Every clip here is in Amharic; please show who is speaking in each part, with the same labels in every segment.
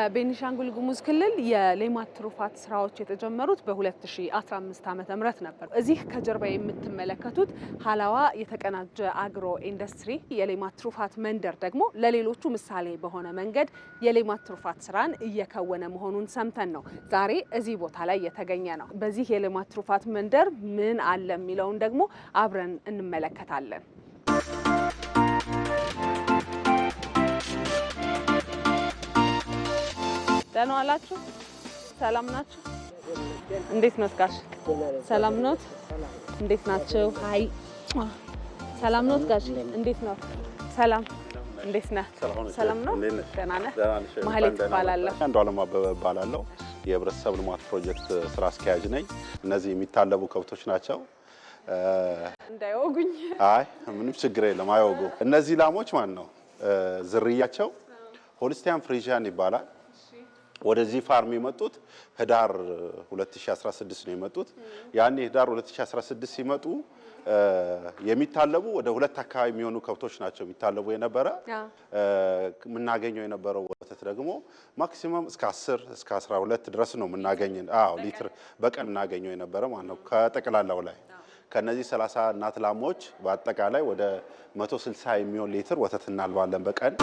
Speaker 1: በቤኒሻንጉል ጉሙዝ ክልል የሌማት ትሩፋት ስራዎች የተጀመሩት በ2015 ዓ ም ነበር። እዚህ ከጀርባ የምትመለከቱት ሀላዋ የተቀናጀ አግሮ ኢንዱስትሪ የሌማት ትሩፋት መንደር ደግሞ ለሌሎቹ ምሳሌ በሆነ መንገድ የሌማት ትሩፋት ስራን እየከወነ መሆኑን ሰምተን ነው ዛሬ እዚህ ቦታ ላይ የተገኘ ነው። በዚህ የሌማት ትሩፋት መንደር ምን አለ የሚለውን ደግሞ አብረን እንመለከታለን። ደህና ዋላችሁ? ሰላም ናችሁ? እንዴት መስጋሽ? ሰላም ኖት? እንዴት ናችሁ? አይ ሰላም ኖት ጋሽ? እንዴት ነው? ሰላም እንዴት ነህ? ሰላም ነው። ደህና ነህ? ማህሌት እባላለሁ።
Speaker 2: አንዱ አበበ እባላለሁ። የህብረተሰብ ልማት ፕሮጀክት ስራ አስኪያጅ ነኝ። እነዚህ የሚታለቡ ከብቶች ናቸው።
Speaker 1: እንዳይወጉኝ።
Speaker 2: አይ ምንም ችግር የለም አይወጉ። እነዚህ ላሞች ማን ነው ዝርያቸው? ሆልስቲያን ፍሪዣን ይባላል። ወደዚህ ፋርም የመጡት ህዳር 2016 ነው የመጡት። ያኔ ህዳር 2016 ሲመጡ የሚታለቡ ወደ ሁለት አካባቢ የሚሆኑ ከብቶች ናቸው የሚታለቡ የነበረ። የምናገኘው የነበረው ወተት ደግሞ ማክሲመም እስከ 10 እስከ 12 ድረስ ነው የምናገኝ። አዎ ሊትር በቀን እናገኘው የነበረ ማለት ነው ከጠቅላላው ላይ ከነዚህ 30 እናት ላሞች በአጠቃላይ ወደ 160 የሚሆን ሊትር ወተት እናልባለን በቀን።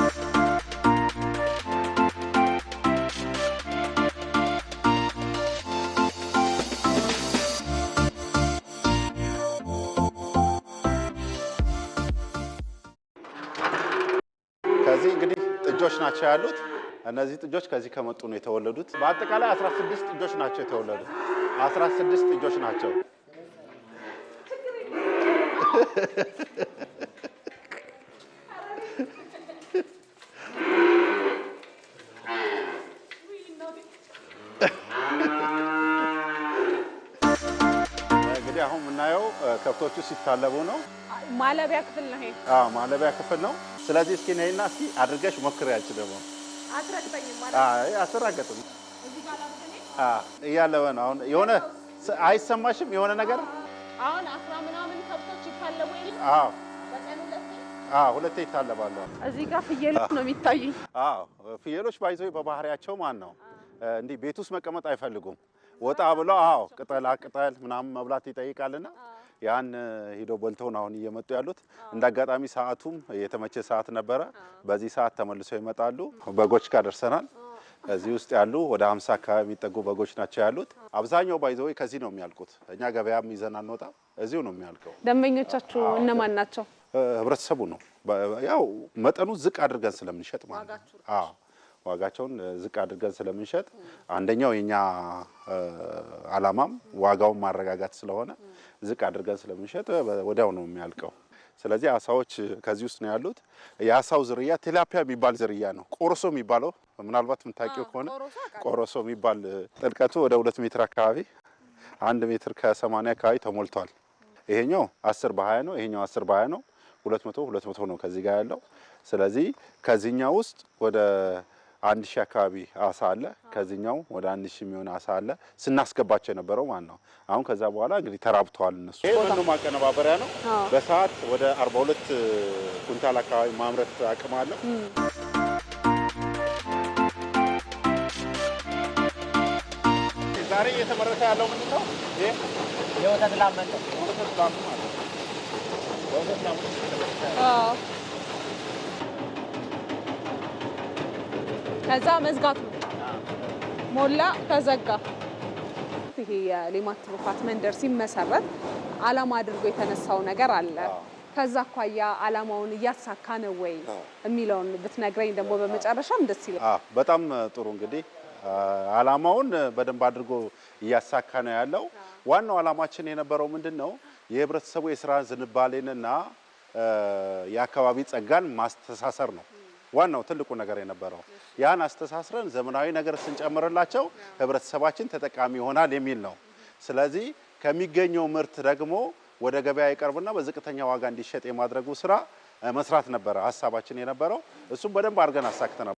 Speaker 2: እነዚህ እንግዲህ ጥጆች ናቸው ያሉት። እነዚህ ጥጆች ከዚህ ከመጡ ነው የተወለዱት። በአጠቃላይ 16 ጥጆች ናቸው የተወለዱት። 16 ጥጆች ናቸው። እንግዲህ አሁን የምናየው ከብቶቹ ሲታለቡ ነው።
Speaker 1: ማለቢያ ክፍል ነው።
Speaker 2: ማለቢያ ክፍል ነው። ስለዚህ እስኪ ነይና እስኪ አድርገሽ ሞክሪ። ያልች ደግሞ አትረግጠኝም እያለበ ነው አሁን የሆነ አይሰማሽም? የሆነ ነገር
Speaker 1: አሁን አስራ ምናምን ከብቶች ይታለቡ
Speaker 2: ሁለቴ ይታለባሉ።
Speaker 1: እዚህ ጋር ፍየሎች ነው የሚታዩኝ።
Speaker 2: ፍየሎች ባይዞ በባህሪያቸው ማን ነው እንዲህ ቤት ውስጥ መቀመጥ አይፈልጉም። ወጣ ብሎ አዎ ቅጠላ ቅጠል ምናምን መብላት ይጠይቃልና ያን ሄዶ ነው አሁን እየመጡ ያሉት እንደ አጋጣሚ ሰዓቱም የተመቸ ሰዓት ነበረ። በዚህ ሰዓት ተመልሰው ይመጣሉ። በጎች ጋር ደርሰናል። እዚህ ውስጥ ያሉ ወደ ሀምሳ አካባቢ የሚጠጉ በጎች ናቸው ያሉት። አብዛኛው ባይዘወይ ከዚህ ነው የሚያልቁት። እኛ ገበያም ይዘን አንወጣ እዚሁ ነው የሚያልቀው።
Speaker 1: ደንበኞቻችሁ እነማን ናቸው?
Speaker 2: ህብረተሰቡ ነው። ያው መጠኑ ዝቅ አድርገን ስለምንሸጥ ማለት ነው። ዋጋቸውን ዝቅ አድርገን ስለምንሸጥ አንደኛው የኛ አላማም ዋጋውን ማረጋጋት ስለሆነ ዝቅ አድርገን ስለምንሸጥ ወዲያው ነው የሚያልቀው። ስለዚህ አሳዎች ከዚህ ውስጥ ነው ያሉት። የአሳው ዝርያ ቴላፒያ የሚባል ዝርያ ነው። ቆሮሶ የሚባለው ምናልባት የምታውቂው ከሆነ ቆሮሶ የሚባል ጥልቀቱ ወደ ሁለት ሜትር አካባቢ አንድ ሜትር ከሰማንያ አካባቢ ተሞልቷል። ይሄኛው አስር በሀያ ነው። ይሄኛው አስር በሀያ ነው። ሁለት መቶ ሁለት መቶ ነው ከዚህ ጋር ያለው። ስለዚህ ከዚህኛው ውስጥ ወደ አንድ ሺህ አካባቢ አሳ አለ። ከዚህኛው ወደ አንድ ሺህ የሚሆን አሳ አለ ስናስገባቸው የነበረው ማለት ነው። አሁን ከዛ በኋላ እንግዲህ ተራብተዋል እነሱ። ይሄ መኖ ማቀነባበሪያ ነው። በሰዓት ወደ 42 ኩንታል አካባቢ ማምረት አቅም አለው። ዛሬ እየተመረተ ያለው ምንድን ነው? ይሄ
Speaker 1: የወተት ላም ነው።
Speaker 2: የወተት ላም ነው።
Speaker 1: ከዛ መዝጋቱ ሞላ፣ ተዘጋ። ይሄ የሌማት ትሩፋት መንደር ሲመሰረት አላማ አድርጎ የተነሳው ነገር አለ። ከዛ አኳያ አላማውን እያሳካ ነው ወይ የሚለውን ብትነግረኝ ደግሞ በመጨረሻም ደስ
Speaker 2: ይላል። በጣም ጥሩ እንግዲህ አላማውን በደንብ አድርጎ እያሳካ ነው ያለው። ዋናው አላማችን የነበረው ምንድን ነው? የህብረተሰቡ የስራ ዝንባሌንና የአካባቢ ጸጋን ማስተሳሰር ነው። ዋናው ትልቁ ነገር የነበረው ያን አስተሳስረን ዘመናዊ ነገር ስንጨምርላቸው ህብረተሰባችን ተጠቃሚ ይሆናል የሚል ነው። ስለዚህ ከሚገኘው ምርት ደግሞ ወደ ገበያ ይቀርብና በዝቅተኛ ዋጋ እንዲሸጥ የማድረጉ ስራ መስራት ነበረ ሀሳባችን የነበረው። እሱም በደንብ አድርገን አሳክተናል።